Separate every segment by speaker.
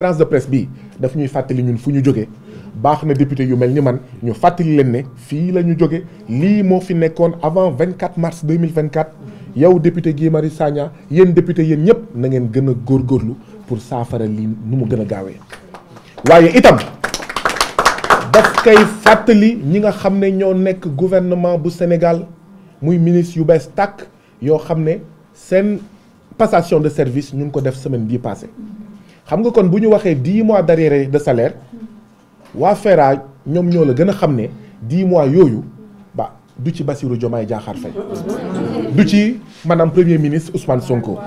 Speaker 1: conférence de presse bi daf ñuy fàttali ñun fu ñu jógee baax na député yu mel ni man ñu fàttali leen ne fii la ñu jóge lii moo fi nekkoon avant 24 mars 2024 yow député gii mari Sagna yéen député yéen ñëpp na ngeen gën a góorgóorlu pour saafara lii nu mu gën a gaawee. waaye itam daf koy fàttali ñi nga xam ne ñoo nekk gouvernement bu Sénégal muy ministre yu bees tàkk yoo xam ne seen passation de service ñu ko def semaine bii passée. xam nga kon bu ñu waxee dix mois d'arriérés de salaire waa FERA ñoom ñoo la gën a xam ne dix mois yooyu ba du ci Bassirou Diomaye Diakhar Faye du ci maanaam premier ministre Ousmane Sonko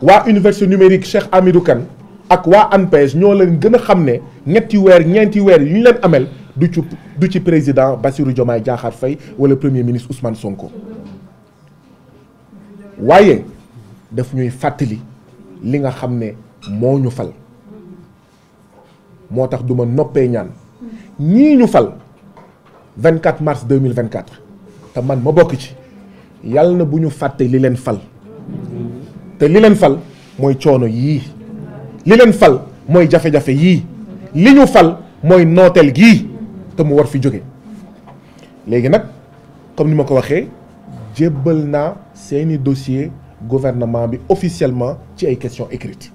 Speaker 1: waa université numérique Cheikh Hamidou Kane ak waa ANPEJ ñoo leen gën a xam ne ñetti weer ñeenti weer yu ñu leen amel du ci du ci président Bassirou Diomaye jaaxaar Faye wala premier ministre Ousmane Sonko waaye daf ñuy fàttali li nga xam ne. moo ñu fal moo tax du ma noppee ñaan ñii ñu fal 24 mars 2024 te man ma bokk ci yàlla na bu ñu fàtte li leen fal te li leen fal mooy coono yii li leen fal mooy jafe-jafe yii li ñu fal mooy nooteel gii te mu war fi jóge léegi nag comme ni ma ko waxee jébbal naa seeni dossier gouvernement bi officiellement ci ay questions écrites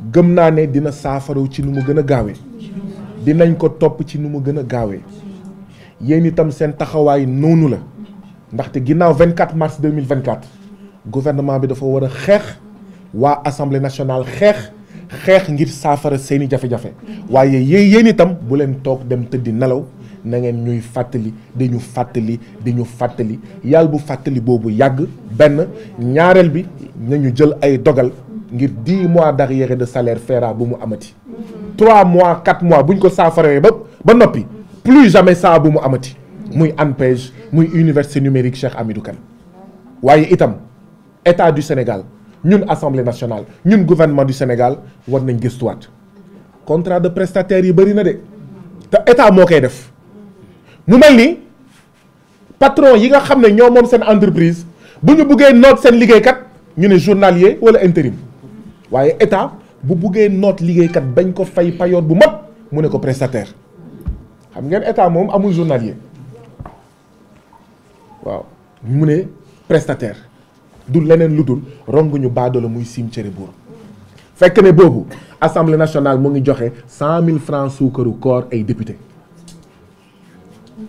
Speaker 1: gëm naa ne dina saafaraw ci nu mu gën a gaawee dinañ ko topp ci nu mu gën a gaawee yéen itam seen taxawaay noonu la ndaxte ginnaaw 24 mars 2024 gouvernement bi dafa war a xeex waa assemblée nationale xeex xeex ngir saafara seeni jafe-jafe waaye yéen yéen itam bu leen toog dem tëddi nelaw na ngeen ñuy fàttali di ñu fàttali di ñu fàttali yàlla bu fàttali boobu yàgg benn ñaareel bi ñu jël ay dogal. ngir dix mois d'arriéré de salaire fera bu mu amati. trois mois quatre mois bu ñu ko saafaree ba ba noppi plus jamais ça bu mu amati muy ANPEJ muy université numérique Cheikh Hamidou Kane waaye itam état du Sénégal ñun assemblée nationale ñun gouvernement du Sénégal war nañ gëstuwaat contrat de prestataire yi bëri na de te état moo koy def mu mel ni patron yi nga xam ne ñoo moom seen entreprise bu ñu buggee noot seen liggéey kat ñu ne journalier wala intérim. waaye état bu buggee noot liggéeykat bañ ko fay payoor bu mag mu ne ko prestataire xam ngeen état moom amul journalier waaw mu ne prestataire du leneen lu dul ronguñu baadoola muy siim cere buur fekk ne boobu assemblée nationale mu ngi joxe cent mille francs suukaru koor ay député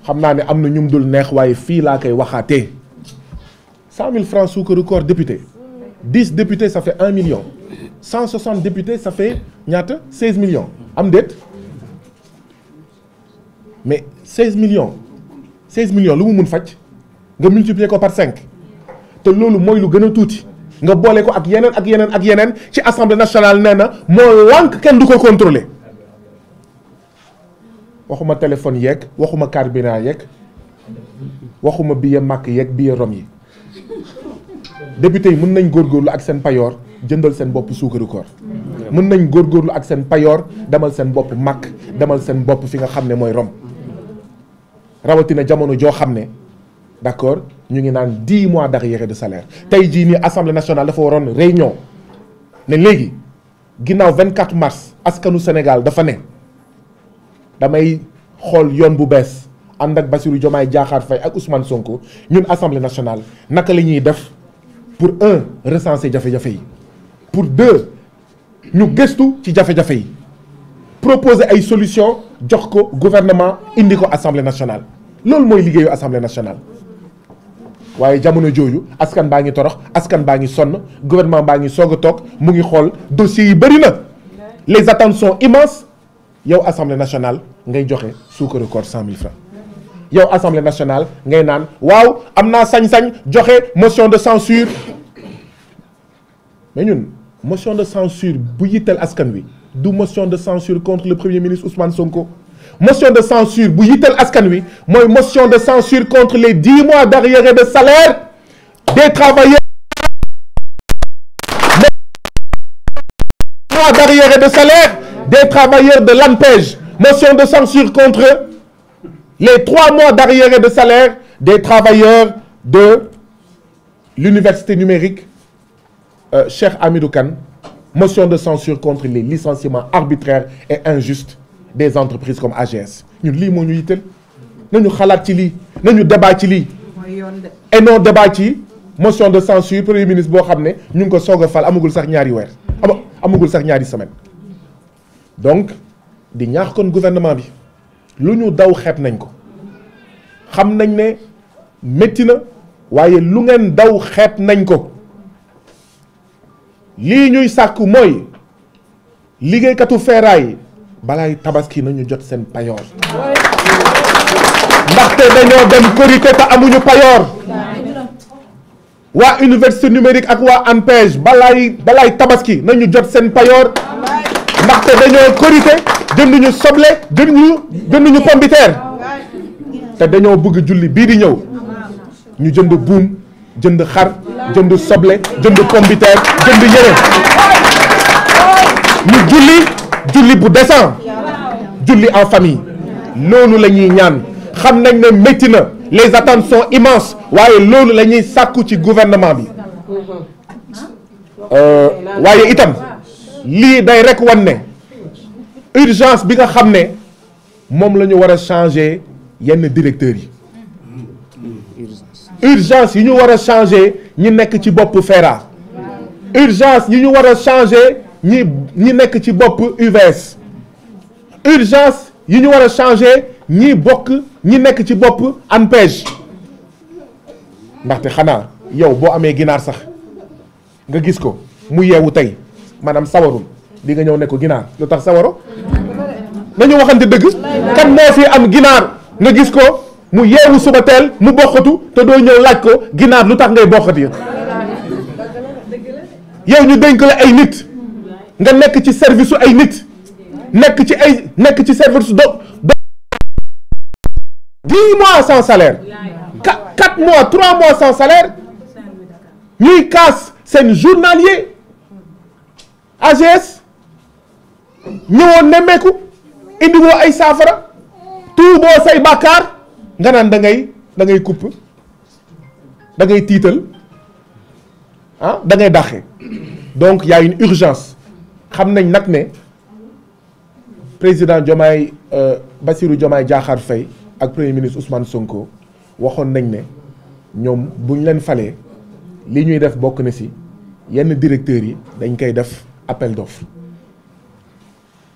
Speaker 1: xam naa ne am na ñum dul neex waaye fii laa koy waxaatee cent mille francs suukaru koor député dix députés ça fait un million 160 députés ça fait ñaata 16 millions am déet mais 16 millions 16 millions lu mu mun faj nga multiplier ko par 5 te loolu mooy lu gën a tuuti nga boole ko ak yeneen ak yeneen ak yeneen ci assemblée nationale nee na moo lànk kenn du ko contrôler waxuma téléphone yeeg waxuma carburant yeeg waxuma billet màkk yeeg billet rom yi député yi mën nañ góor góorlu ak seen payoor. jëndal seen bopp suukaru koor mën nañ góorgóorlu ak seen payoor demal seen bopp mag demal seen bopp fi nga xam ne mooy rom rawatina jamono joo xam ne d'accord ñu ngi naan dix mois d'arriérés de salaire tey jii nii assemblée nationale dafa waroon réunion ne léegi ginnaaw 24 mars askanu Sénégal dafa ne damay xool yoon bu bees ànd ak Bassirou Diomaye Diakhar Faye ak Ousmane Sonko ñun assemblée nationale naka lañuy def pour un recenser jafe-jafe yi. pour deux ñu gëstu ci jafe-jafe yi proposer ay solution jox ko gouvernement indi ko assemblée nationale loolu mooy liggéeyu assemblée nationale waaye jamono jooju askan baa ngi torox askan baa ngi sonn gouvernement baa ngi soog a toog mu ngi xool dossiers yi bëri na les attentes sont immenses yow assemblée nationale ngay joxe suukaru koor cent mille francs yow assemblée nationale ngay naan waaw am naa sañ-sañ joxe motion de censure mais ñun motion de censure bu yittal askan wi du motion de censure contre le premier ministre Ousmane Sonko motion de censure bu yittal askan wi mooy motion de censure contre les dix mois d'arriérés de salaire des travailleurs dix mois d'arriérés de salaire des travailleurs de l'ANPEJ motion de censure contre les trois mois d'arriérés de salaire des travailleurs de l'université numérique euh, Cheikh Hamidou Kane motion de censure contre les licenciements arbitraires et injustes des entreprises comme AGS ñu lii moo ñu yitteel nañu xalaat ci lii nañu débat ci lii et non débat ci motion de censure premier ministre boo xam ne ñu ngi ko soog a fal amagul sax ñaari weer amagul sax ñaari semaine donc di ñaax kon gouvernement bi lu ñu daw xeeb nañ ko xam nañ ne métti na waaye lu ngeen daw xeeb nañ ko lii ñuy sàkku mooy liggéeykatu feeraay balaay tabaski nañu jot seen payoor ndaxte dañoo dem korité te amuñu payoor waa université numérique ak waa ANPEJ balaay balaay tabaski nañu jot seen payoor ndaxte dañoo korité jënduñu soble jënduñu ñu pombiteer te dañoo bugg julli bii di ñëw ñu jënd buum jënd xar jënd soble jënd pombiteer jënd yére ñu julli julli bu décent julli en famille loolu la ñuy ñaan xam nañ ne métti na les attentes sont immenses waaye loolu la ñuy sàkku ci gouvernement bi euh, waaye itam lii day rek wan urgence bi nga xam ne moom la ñu war a changer yenn directeurs yi urgence yi ñu war changer ñi nekk ci bopp FERA urgence ñi ñu war a changer ñi nekk ci bopp UVS urgence yi ñu war a changer ñi bokk ñi nekk ci bopp ANPEJ ndaxte xanaa yow boo amee ginaar sax nga gis ko mu yeewu tey maanaam sawarul di nga ñëw ne ko ginaar lu tax sawaro nañu waxante dëgg kan moo fi am ginaar nga gis ko mu yeewu suba teel mu bokkatu te doo ñëw laaj ko ginaar lu tax ngay bokkati yow ñu dénk ay nit nga nekk ci service su ay nit nekk ci ay nekk ci service su do do dix mois sans salaire quatre mois trois mois sans salaire ñuy kaas seen journalier AGS ñëwoon nemmeeku indi woo ay saafara tuuboo say bàkkaar nga naan da ngay da ngay coupe da ngay tiital ah da ngay dàqe donc y a urgence xam nañ nag ne président Diomaye euh, Bassirou Diomaye Diakhar Faye ak premier ministre Ousmane Sonko waxoon nañ ne ñoom buñ leen falee li ñuy def bokk na si yenn directeur yi dañ koy def appel d'offre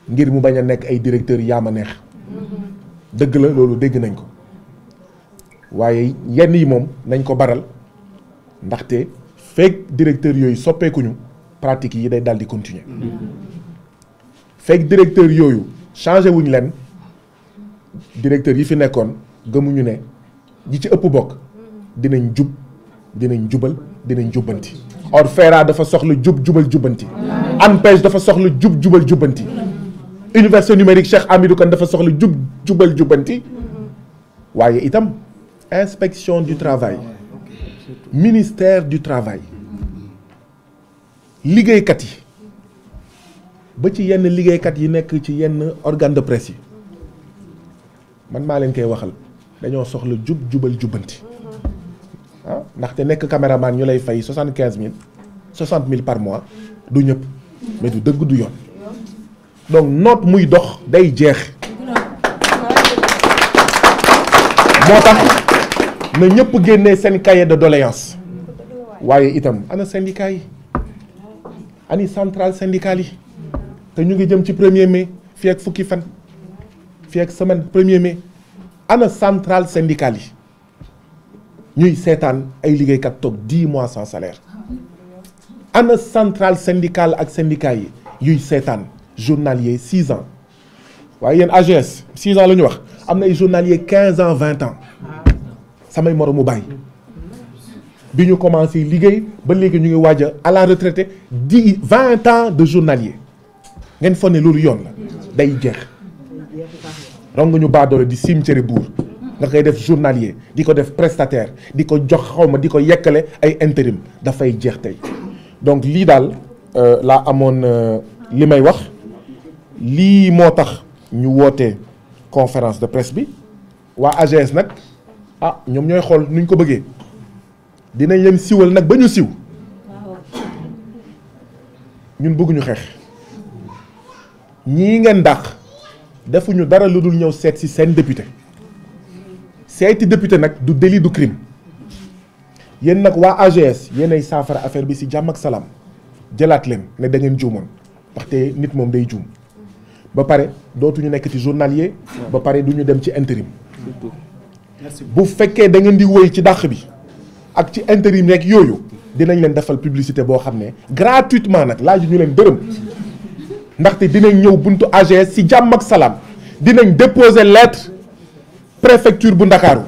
Speaker 1: ngir mu bañ a nekk ay directeurs yaa ma neex dëgg la loolu dégg nañ ko. waaye yenn yi moom nañ ko baral ndaxte feek directeur yooyu soppeekuñu pratique yi day daal di continuer fekk directeur yooyu changé wuñ leen directeur yi fi nekkoon gëmuñu ne ñi ci ëpp bokk dinañ jub dinañ jubal dinañ jubbanti or FERA dafa soxla jub jubal jubbanti ANPEJ dafa soxla jub jubal jubbanti université numérique Cheikh Hamidou Kane dafa soxla jub jubal jubbanti mm-hmm. waaye itam inspection du travail ministère du travail liggéeykat yi ba ci yenn liggéeykat yi nekk ci yenn organe de presse yi man maa leen koy waxal dañoo soxla jub jubal jubbanti ah ndaxte nekk caméraman ñu lay fay soixante quinze mille soixante mille par mois du ñëpp mais du dëgg du yoon noot muy dox day jeex moo tax na ñëpp génnee seen cahier de doléance waaye itam ana syndicat yi ani centrale syndicale yi te ñu ngi jëm ci premier mai fii ak fukki fan fi ak semaine premier mais ana centrale syndicale yi ñuy seetaan ay liggéeykat toog dix mois sans salaire ana centrale syndicale ak syndicat yi yuy seetaan journalier six ans waaye yéen AGS six ans la ñu wax am na ay journalier quinze ans vingt ans samay moromu bàyyi bi ñu commencé liggéey ba léegi ñu ngi waaj a à la retraité dix vingt ans de journalier ngeen foog ne loolu yoon la day jeex rongu ñu baadoole di cimetière buur nga kay def journalier di ko def prestataire di ko jox xawma di ko yekkale ay intérim dafay jeex tey donc lii daal euh, laa amoon euh, li may wax lii moo tax ñu woote conférence de presse bi waa AGS nag ah ñoom ñooy xool nuñ ko bëggee dinañ leen siwal nag ba ñu siw ñun bëgguñu xeex ñii ngeen dàq defuñu dara lu dul ñëw seet ci seen député seeti député nag du délit du crime yéen nag waa AGS yéenay saafara affaire bi ci jàmm ak salaam jëlaat leen ne da ngeen juumoon waxte nit moom day juum ba pare dootuñu nekk ci journalier ba pare duñu dem ci intérim bu fekkee da ngeen di wëy ci dàq bi ak ci intérim rek yooyu dinañ leen defal publicité boo xam ne gratuitement nag laaju ñu leen dërëm ndaxte dinañ ñëw buntu age si jàmm ak salaam dinañ déposer lettre préfecture bu Ndakaaru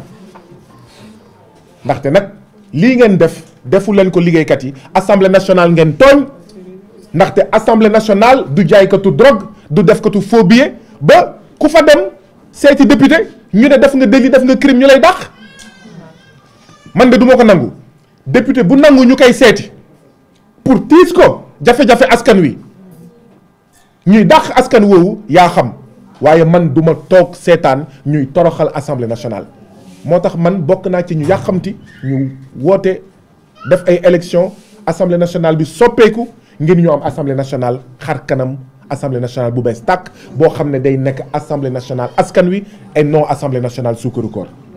Speaker 1: ndaxte nag lii ngeen def defu leen ko liggéeykat yi assemblée nationale ngeen tooñ ndaxte assemblée nationale du jaaykatu drogue du defkatu faux billet ba ku fa dem. seeti député ñu ne def nga délit def nga crime ñu lay dàq man de duma ko nangu député bu nangu ñu koy seeti pour tiis ko jafe-jafe askan wi ñuy dàq askan woowu yaa xam waaye man duma ma toog seetaan ñuy toroxal assemblée nationale moo tax man bokk naa ci ñu yàqamti ñu woote def ay élection assemblée nationale bi soppeeku ngir ñu am assemblée nationale xar kanam assemblée nationale bu bees tàkk boo xam ne day nekk assemblée nationale askan wi et non assemblée nationale suukaru koor